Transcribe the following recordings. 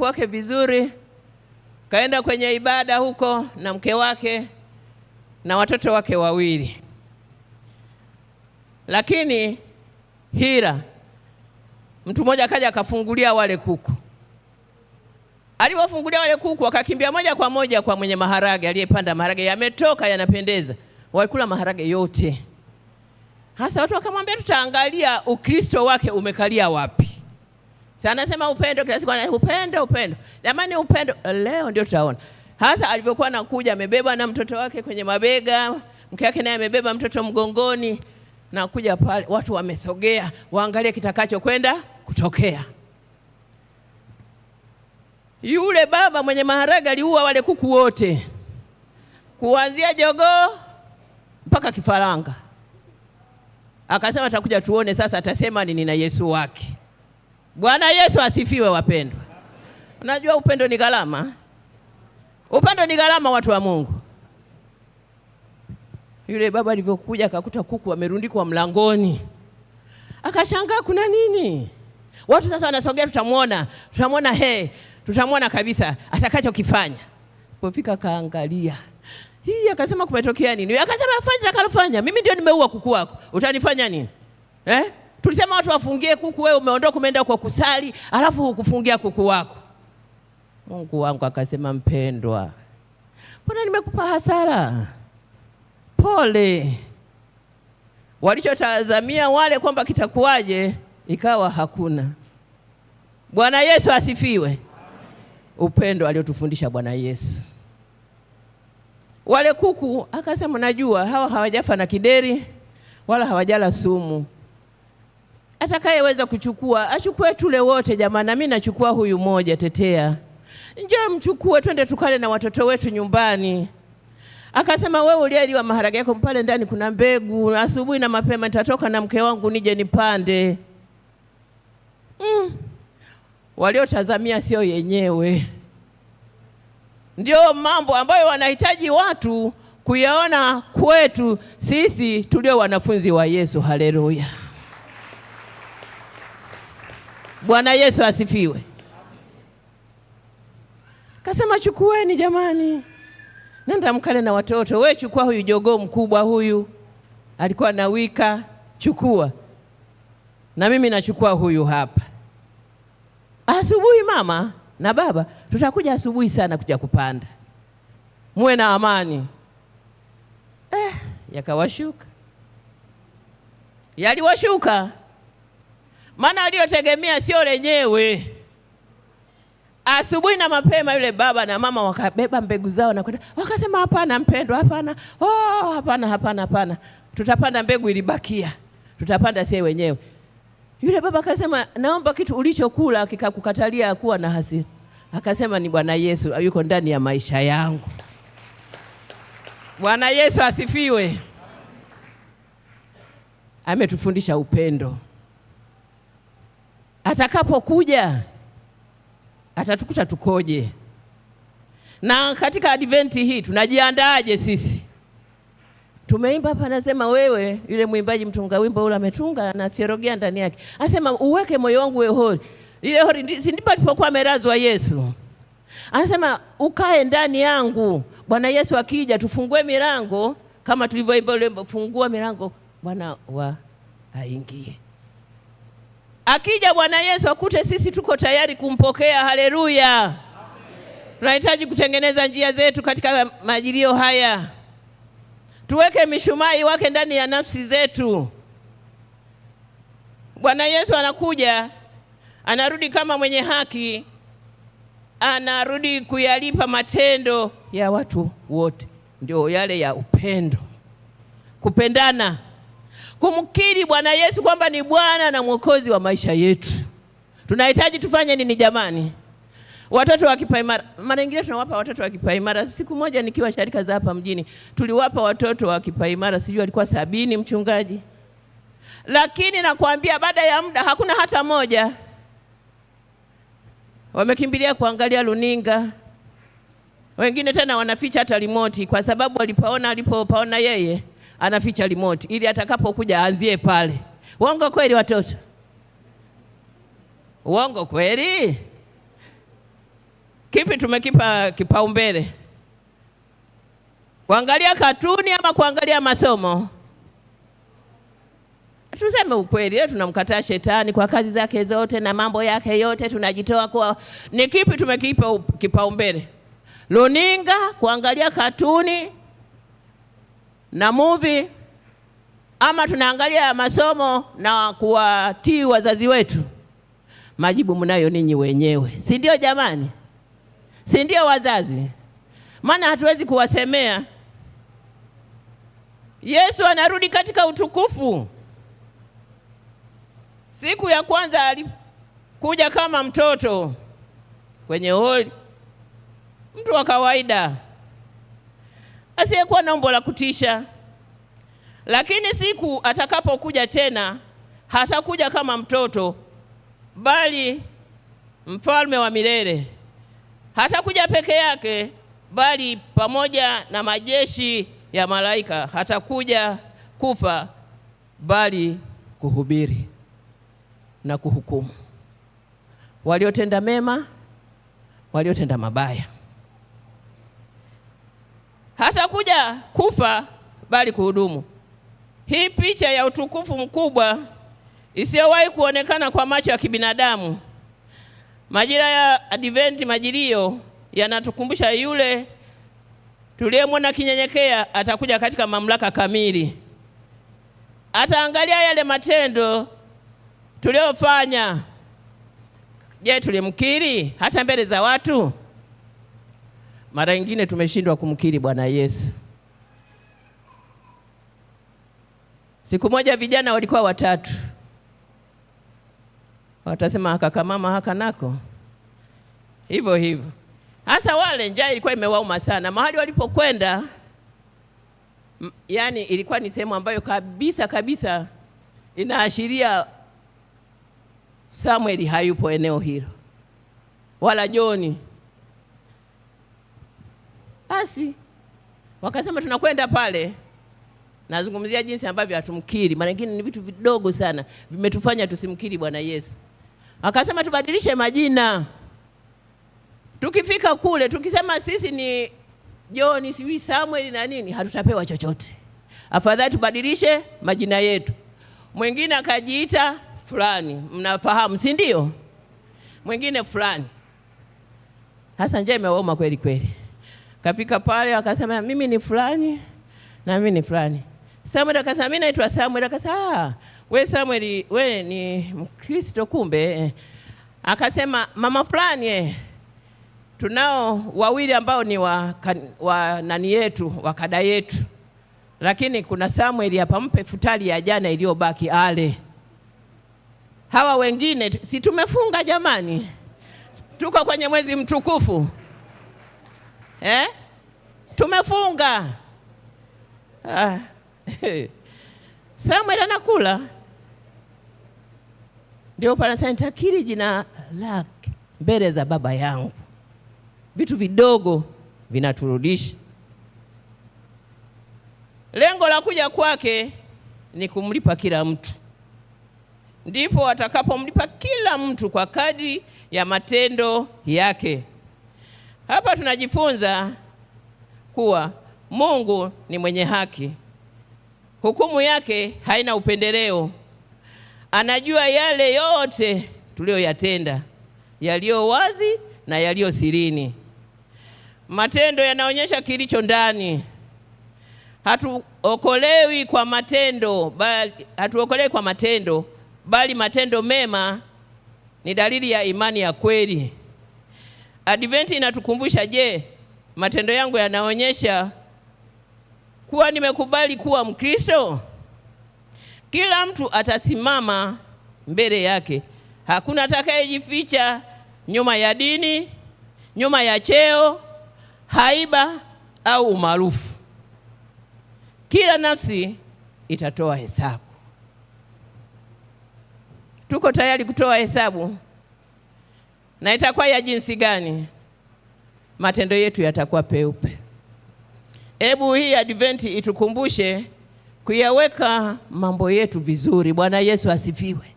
kwake vizuri, kaenda kwenye ibada huko na mke wake na watoto wake wawili. Lakini Hira, mtu mmoja akaja akafungulia wale kuku. Alipofungulia wale kuku, akakimbia moja kwa moja kwa mwenye maharage aliyepanda maharage, yametoka yanapendeza, walikula maharage yote. Hasa watu wakamwambia, tutaangalia Ukristo wake umekalia wapi. Sasa Anasema upendo kila siku, upendo upendo. Jamani, upendo leo ndio tutaona hasa. Alivyokuwa anakuja amebeba na mtoto wake kwenye mabega, mke wake naye amebeba mtoto mgongoni, na kuja pale, watu wamesogea waangalie kitakacho kwenda kutokea. Yule baba mwenye maharage aliua wale kuku wote, kuanzia jogoo mpaka kifaranga. Akasema atakuja tuone sasa atasema nini na Yesu wake. Bwana Yesu asifiwe, wapendwa. Unajua upendo ni gharama, upendo ni gharama, watu wa Mungu. Yule baba alivyokuja akakuta kuku wamerundikwa mlangoni, akashangaa kuna nini? Watu sasa wanasogea, tutamwona, tutamwona, he, tutamwona kabisa atakachokifanya. Pofika kaangalia hii, akasema kumetokea nini? Akasema fanya takalofanya, mimi ndio nimeua kuku wako, utanifanya nini eh? Tulisema watu wafungie kuku, wewe umeondoka umeenda kwa kusali, alafu hukufungia kuku wako. Mungu wangu akasema, mpendwa, mbona nimekupa hasara? Pole. Walichotazamia wale kwamba kitakuwaje, ikawa hakuna. Bwana Yesu asifiwe. Upendo aliotufundisha Bwana Yesu wale kuku, akasema najua hawa hawajafa na kideri wala hawajala sumu atakayeweza kuchukua achukue, tule wote jamani, na mimi nachukua huyu moja tetea, njoo mchukue, twende tukale na watoto wetu nyumbani. Akasema wewe uliyeliwa maharage yako pale ndani kuna mbegu, asubuhi na mapema nitatoka na mke wangu nije nipande. Mm. Waliotazamia sio yenyewe, ndio mambo ambayo wanahitaji watu kuyaona kwetu sisi tulio wanafunzi wa Yesu. Haleluya! Bwana Yesu asifiwe. Kasema chukueni jamani, nenda mkale na watoto. We chukua huyu jogoo mkubwa huyu, alikuwa na wika, chukua na mimi nachukua huyu hapa. Asubuhi mama na baba, tutakuja asubuhi sana kuja kupanda, muwe na amani. Eh, yakawashuka, yaliwashuka maana waliotegemea sio lenyewe. Asubuhi na mapema yule baba na mama wakabeba mbegu zao na kwenda, wakasema hapana, mpendwa, hapana, oh, hapana, hapana, hapana, tutapanda mbegu ilibakia, tutapanda sie wenyewe. Yule baba akasema, naomba kitu ulichokula kikakukatalia kuwa na hasira. Akasema, ni Bwana Yesu yuko ndani ya maisha yangu. Bwana Yesu asifiwe, ametufundisha upendo atakapokuja atatukuta tukoje, na katika adventi hii tunajiandaaje sisi? Tumeimba hapa, anasema wewe, yule mwimbaji mtunga wimbo ule ametunga na cherogea ndani yake, anasema uweke moyo wangu we hori. Ile hori si ndipo alipokuwa amelazwa Yesu. Anasema ukae ndani yangu. Bwana Yesu akija, tufungue milango kama tulivyoimba ule, fungua milango Bwana wa aingie. Akija Bwana Yesu akute sisi tuko tayari kumpokea. Haleluya! Tunahitaji kutengeneza njia zetu katika majilio haya, tuweke mishumaa wake ndani ya nafsi zetu. Bwana Yesu anakuja, anarudi kama mwenye haki, anarudi kuyalipa matendo ya watu wote, ndio yale ya upendo, kupendana kumkiri Bwana Yesu kwamba ni Bwana na Mwokozi wa maisha yetu. Tunahitaji tufanye nini jamani? Watoto wa kipaimara, mara nyingine tunawapa watoto wa kipaimara. Siku moja nikiwa sharika za hapa mjini, tuliwapa watoto wa kipaimara, sijui alikuwa sabini mchungaji, lakini nakwambia baada ya muda hakuna hata moja, wamekimbilia kuangalia luninga, wengine tena wanaficha hata remote kwa sababu walipaona alipopaona yeye anaficha remote ili atakapokuja aanzie pale. Uongo kweli, watoto? Uongo kweli? Kipi tumekipa kipaumbele, kuangalia katuni ama kuangalia masomo? Tuseme ukweli, leo tunamkataa shetani kwa kazi zake zote na mambo yake yote, tunajitoa kwa. Ni kipi tumekipa kipaumbele? Runinga, kuangalia katuni na movie ama tunaangalia masomo na kuwatii wazazi wetu? Majibu mnayo ninyi wenyewe, si ndio? Jamani, si ndio wazazi? Maana hatuwezi kuwasemea. Yesu anarudi katika utukufu. Siku ya kwanza alikuja kama mtoto kwenye holi, mtu wa kawaida asiyekuwa na umbo la kutisha, lakini siku atakapokuja tena hatakuja kama mtoto, bali mfalme wa milele. Hatakuja peke yake, bali pamoja na majeshi ya malaika. Hatakuja kufa, bali kuhubiri na kuhukumu waliotenda mema, waliotenda mabaya hata kuja kufa bali kuhudumu. Hii picha ya utukufu mkubwa isiyowahi kuonekana kwa macho ya kibinadamu. Majira ya Adventi, majilio yanatukumbusha yule tuliyemwona kinyenyekea atakuja katika mamlaka kamili, ataangalia yale matendo tuliyofanya. Je, tulimkiri hata mbele za watu? Mara nyingine tumeshindwa kumkiri Bwana Yesu. Siku moja vijana walikuwa watatu, watasema hakakamama haka nako hivyo hivyo. Hasa wale njaa ilikuwa imewauma sana mahali walipokwenda, yani ilikuwa ni sehemu ambayo kabisa kabisa inaashiria Samueli hayupo eneo hilo wala Joni basi wakasema tunakwenda pale. Nazungumzia jinsi ambavyo hatumkiri, mara nyingine ni vitu vidogo sana vimetufanya tusimkiri Bwana Yesu. Akasema tubadilishe majina, tukifika kule tukisema sisi ni John sijui Samuel na nini, hatutapewa chochote. Afadhali tubadilishe majina yetu. Mwingine akajiita fulani, mnafahamu si ndio? Mwingine fulani. Hasa njema imewauma kweli kweli. Kafika pale akasema mimi ni fulani na mimi ni fulani. Samuel akasema mimi naitwa Samuel. Akasema ah, we Samuel we ni Mkristo kumbe. Eh. Akasema mama fulani eh, tunao wawili ambao ni wa, wa nani yetu wa kada yetu, lakini kuna Samuel hapa, mpe futari ya jana iliyobaki ale. Hawa wengine si tumefunga jamani, tuko kwenye mwezi mtukufu eh? Tumefunga ah. Samuel anakula ndio panasema nitakiri jina lake mbele za baba yangu. Vitu vidogo vinaturudisha. Lengo la kuja kwake ni kumlipa kila mtu, ndipo atakapomlipa kila mtu kwa kadri ya matendo yake. Hapa tunajifunza kuwa Mungu ni mwenye haki, hukumu yake haina upendeleo. Anajua yale yote tuliyoyatenda, yaliyo wazi na yaliyo sirini. Matendo yanaonyesha kilicho ndani. Hatuokolewi kwa matendo bali, hatuokolewi kwa matendo bali matendo mema ni dalili ya imani ya kweli adventi inatukumbusha, je, matendo yangu yanaonyesha kuwa nimekubali kuwa Mkristo? Kila mtu atasimama mbele yake, hakuna atakayejificha nyuma ya dini, nyuma ya cheo, haiba au umaarufu. Kila nafsi itatoa hesabu. Tuko tayari kutoa hesabu? na itakuwa ya jinsi gani? Matendo yetu yatakuwa peupe. Hebu hii adventi itukumbushe kuyaweka mambo yetu vizuri. Bwana Yesu asifiwe.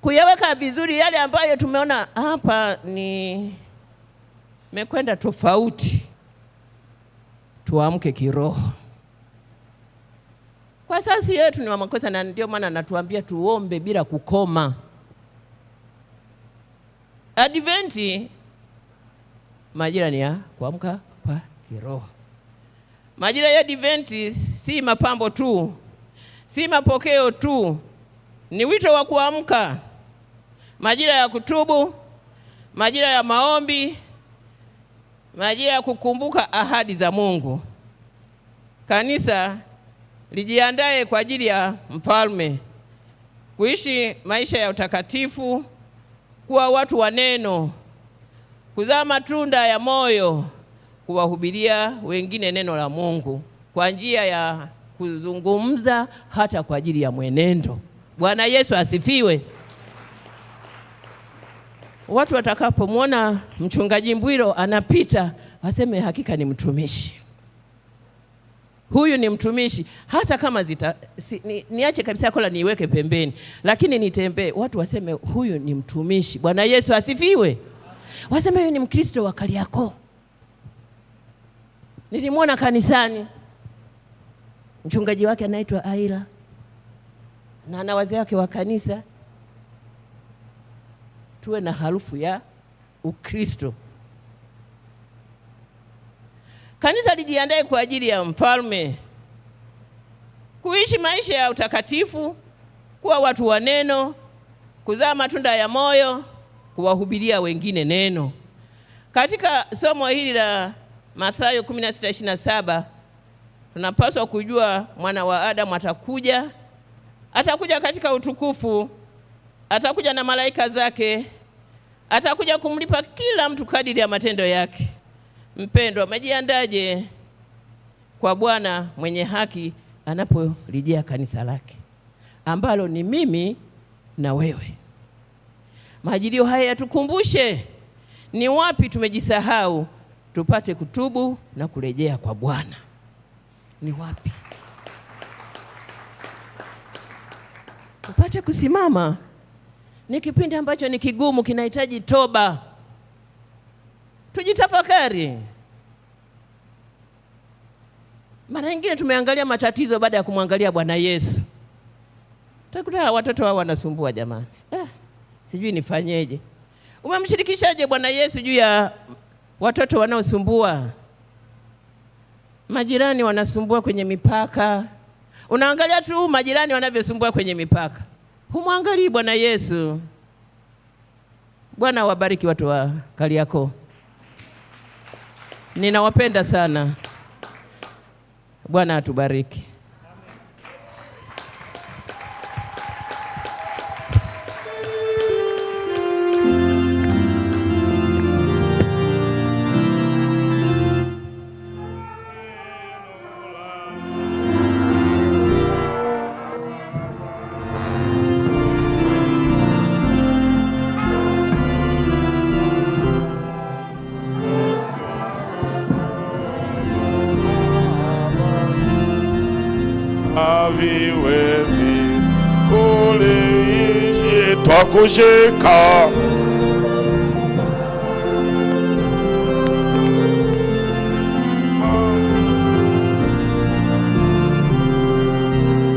Kuyaweka vizuri yale ambayo tumeona hapa ni mekwenda tofauti, tuamke kiroho. Kwa sasa yetu ni wa makosa, na ndio maana anatuambia tuombe bila kukoma. Adventi majira ni ya kuamka kwa kiroho. Majira ya Adventi si mapambo tu, si mapokeo tu, ni wito wa kuamka, majira ya kutubu, majira ya maombi, majira ya kukumbuka ahadi za Mungu. Kanisa lijiandae kwa ajili ya mfalme, kuishi maisha ya utakatifu kuwa watu wa neno, kuzaa matunda ya moyo, kuwahubiria wengine neno la Mungu kwa njia ya kuzungumza, hata kwa ajili ya mwenendo. Bwana Yesu asifiwe. Watu watakapomwona mchungaji Mbwilo anapita, waseme hakika ni mtumishi huyu ni mtumishi, hata kama zita si, ni, niache kabisa kola niiweke pembeni, lakini nitembee, watu waseme huyu ni mtumishi. Bwana Yesu asifiwe, waseme huyu ni Mkristo wa Kariakoo, nilimwona kanisani, mchungaji wake anaitwa Aila na ana wazee wake wa kanisa. Tuwe na harufu ya Ukristo. Kanisa lijiandae kwa ajili ya mfalme, kuishi maisha ya utakatifu, kuwa watu wa neno, kuzaa matunda ya moyo, kuwahubiria wengine neno. Katika somo hili la Mathayo 16:27 tunapaswa kujua mwana wa Adamu atakuja, atakuja katika utukufu, atakuja na malaika zake, atakuja kumlipa kila mtu kadiri ya matendo yake. Mpendwa, umejiandaje kwa Bwana mwenye haki anapolijia kanisa lake ambalo ni mimi na wewe? Majilio haya yatukumbushe ni wapi tumejisahau, tupate kutubu na kurejea kwa Bwana. Ni wapi tupate kusimama? Ni kipindi ambacho ni kigumu, kinahitaji toba Tujitafakari. Mara nyingine tumeangalia matatizo baada ya kumwangalia Bwana Yesu, takuta watoto wao wanasumbua jamani, eh, sijui nifanyeje. Umemshirikishaje Bwana Yesu juu ya watoto wanaosumbua? Majirani wanasumbua kwenye mipaka, unaangalia tu majirani wanavyosumbua kwenye mipaka, humwangalii Bwana Yesu. Bwana wabariki watu wa Kariakoo. Ninawapenda sana. Bwana atubariki. haviwezi kuliishi twakushika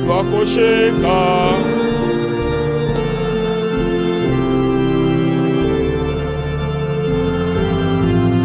twakushika